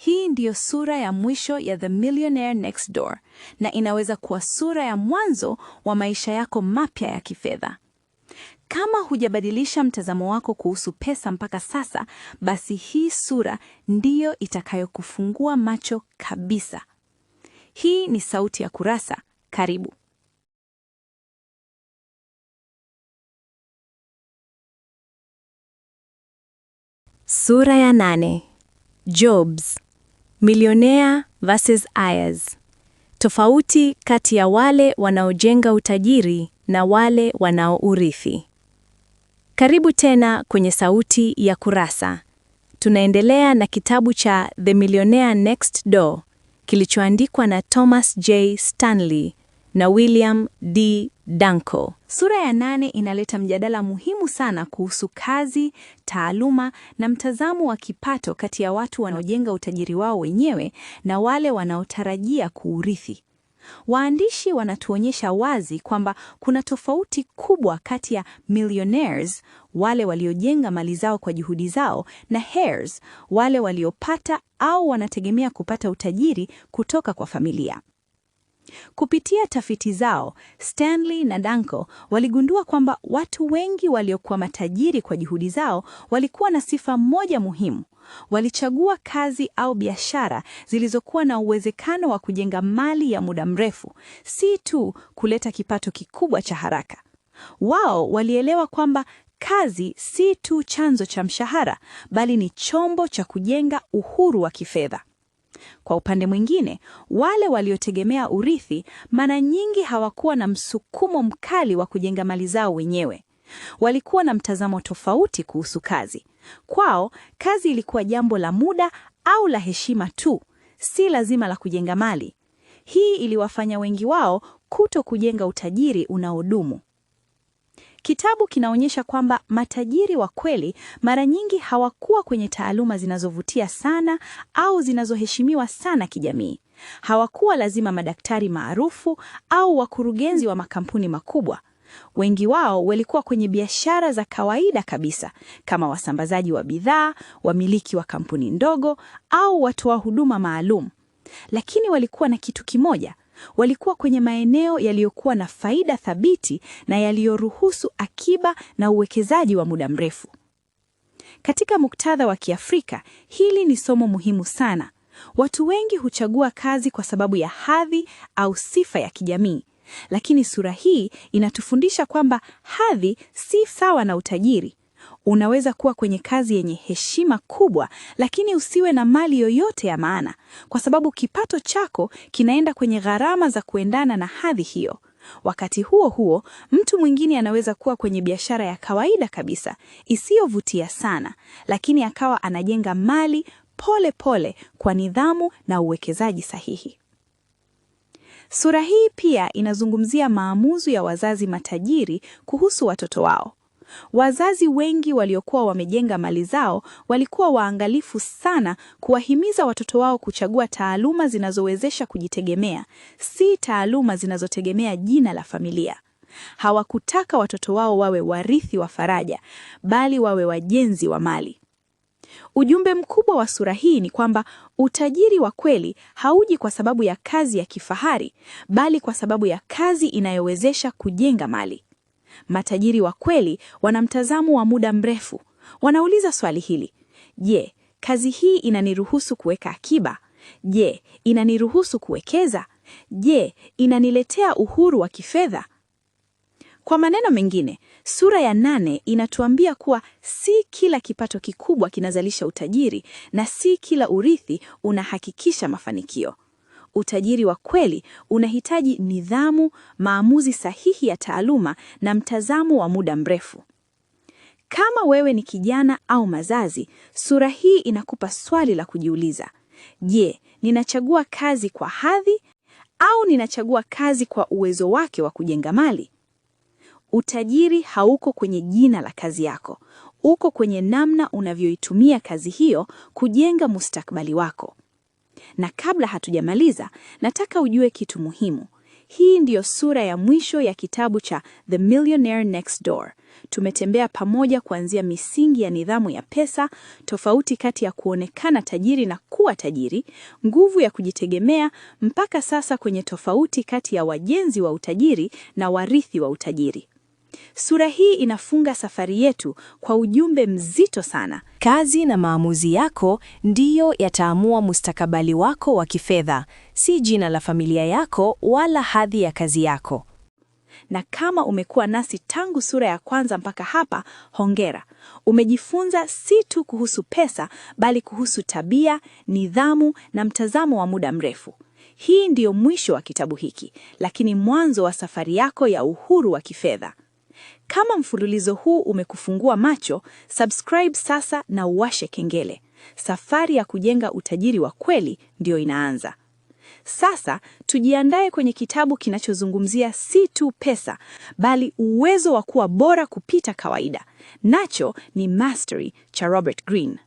Hii ndiyo sura ya mwisho ya The Millionaire Next Door na inaweza kuwa sura ya mwanzo wa maisha yako mapya ya kifedha. Kama hujabadilisha mtazamo wako kuhusu pesa mpaka sasa, basi hii sura ndiyo itakayokufungua macho kabisa. Hii ni Sauti ya Kurasa. Karibu. Sura ya nane. Jobs. Millionaire versus Ayers. Tofauti kati ya wale wanaojenga utajiri na wale wanaourithi. Karibu tena kwenye Sauti ya Kurasa. Tunaendelea na kitabu cha The Millionaire Next Door kilichoandikwa na Thomas J. Stanley na William D. Danko. Sura ya nane inaleta mjadala muhimu sana kuhusu kazi, taaluma na mtazamo wa kipato kati ya watu wanaojenga utajiri wao wenyewe na wale wanaotarajia kuurithi. Waandishi wanatuonyesha wazi kwamba kuna tofauti kubwa kati ya millionaires, wale waliojenga mali zao kwa juhudi zao, na heirs, wale waliopata au wanategemea kupata utajiri kutoka kwa familia. Kupitia tafiti zao, Stanley na Danko waligundua kwamba watu wengi waliokuwa matajiri kwa juhudi zao walikuwa na sifa moja muhimu. Walichagua kazi au biashara zilizokuwa na uwezekano wa kujenga mali ya muda mrefu, si tu kuleta kipato kikubwa cha haraka. Wao walielewa kwamba kazi si tu chanzo cha mshahara, bali ni chombo cha kujenga uhuru wa kifedha. Kwa upande mwingine, wale waliotegemea urithi mara nyingi hawakuwa na msukumo mkali wa kujenga mali zao wenyewe. Walikuwa na mtazamo tofauti kuhusu kazi. Kwao kazi ilikuwa jambo la muda au la heshima tu, si lazima la kujenga mali. Hii iliwafanya wengi wao kuto kujenga utajiri unaodumu. Kitabu kinaonyesha kwamba matajiri wa kweli mara nyingi hawakuwa kwenye taaluma zinazovutia sana au zinazoheshimiwa sana kijamii. Hawakuwa lazima madaktari maarufu au wakurugenzi wa makampuni makubwa. Wengi wao walikuwa kwenye biashara za kawaida kabisa kama wasambazaji wa bidhaa, wamiliki wa kampuni ndogo au watoa huduma maalum. Lakini walikuwa na kitu kimoja, Walikuwa kwenye maeneo yaliyokuwa na faida thabiti na yaliyoruhusu akiba na uwekezaji wa muda mrefu. Katika muktadha wa Kiafrika, hili ni somo muhimu sana. Watu wengi huchagua kazi kwa sababu ya hadhi au sifa ya kijamii, lakini sura hii inatufundisha kwamba hadhi si sawa na utajiri. Unaweza kuwa kwenye kazi yenye heshima kubwa, lakini usiwe na mali yoyote ya maana, kwa sababu kipato chako kinaenda kwenye gharama za kuendana na hadhi hiyo. Wakati huo huo, mtu mwingine anaweza kuwa kwenye biashara ya kawaida kabisa isiyovutia sana, lakini akawa anajenga mali pole pole kwa nidhamu na uwekezaji sahihi. Sura hii pia inazungumzia maamuzi ya wazazi matajiri kuhusu watoto wao. Wazazi wengi waliokuwa wamejenga mali zao walikuwa waangalifu sana kuwahimiza watoto wao kuchagua taaluma zinazowezesha kujitegemea, si taaluma zinazotegemea jina la familia. Hawakutaka watoto wao wawe warithi wa faraja, bali wawe wajenzi wa mali. Ujumbe mkubwa wa sura hii ni kwamba utajiri wa kweli hauji kwa sababu ya kazi ya kifahari, bali kwa sababu ya kazi inayowezesha kujenga mali. Matajiri wa kweli wana mtazamo wa muda mrefu. Wanauliza swali hili: je, kazi hii inaniruhusu kuweka akiba? Je, inaniruhusu kuwekeza? Je, inaniletea uhuru wa kifedha? Kwa maneno mengine, sura ya nane inatuambia kuwa si kila kipato kikubwa kinazalisha utajiri na si kila urithi unahakikisha mafanikio utajiri wa kweli unahitaji nidhamu, maamuzi sahihi ya taaluma na mtazamo wa muda mrefu. Kama wewe ni kijana au mazazi, sura hii inakupa swali la kujiuliza. Je, ninachagua kazi kwa hadhi au ninachagua kazi kwa uwezo wake wa kujenga mali? Utajiri hauko kwenye jina la kazi yako, uko kwenye namna unavyoitumia kazi hiyo kujenga mustakabali wako. Na kabla hatujamaliza, nataka ujue kitu muhimu. Hii ndiyo sura ya mwisho ya kitabu cha The Millionaire Next Door. Tumetembea pamoja kuanzia misingi ya nidhamu ya pesa, tofauti kati ya kuonekana tajiri na kuwa tajiri, nguvu ya kujitegemea, mpaka sasa kwenye tofauti kati ya wajenzi wa utajiri na warithi wa utajiri. Sura hii inafunga safari yetu kwa ujumbe mzito sana. Kazi na maamuzi yako ndiyo yataamua mustakabali wako wa kifedha, si jina la familia yako wala hadhi ya kazi yako. Na kama umekuwa nasi tangu sura ya kwanza mpaka hapa, hongera. Umejifunza si tu kuhusu pesa, bali kuhusu tabia, nidhamu na mtazamo wa muda mrefu. Hii ndiyo mwisho wa kitabu hiki, lakini mwanzo wa safari yako ya uhuru wa kifedha. Kama mfululizo huu umekufungua macho, subscribe sasa na uwashe kengele. Safari ya kujenga utajiri wa kweli ndiyo inaanza. Sasa tujiandae kwenye kitabu kinachozungumzia si tu pesa, bali uwezo wa kuwa bora kupita kawaida. Nacho ni Mastery cha Robert Greene.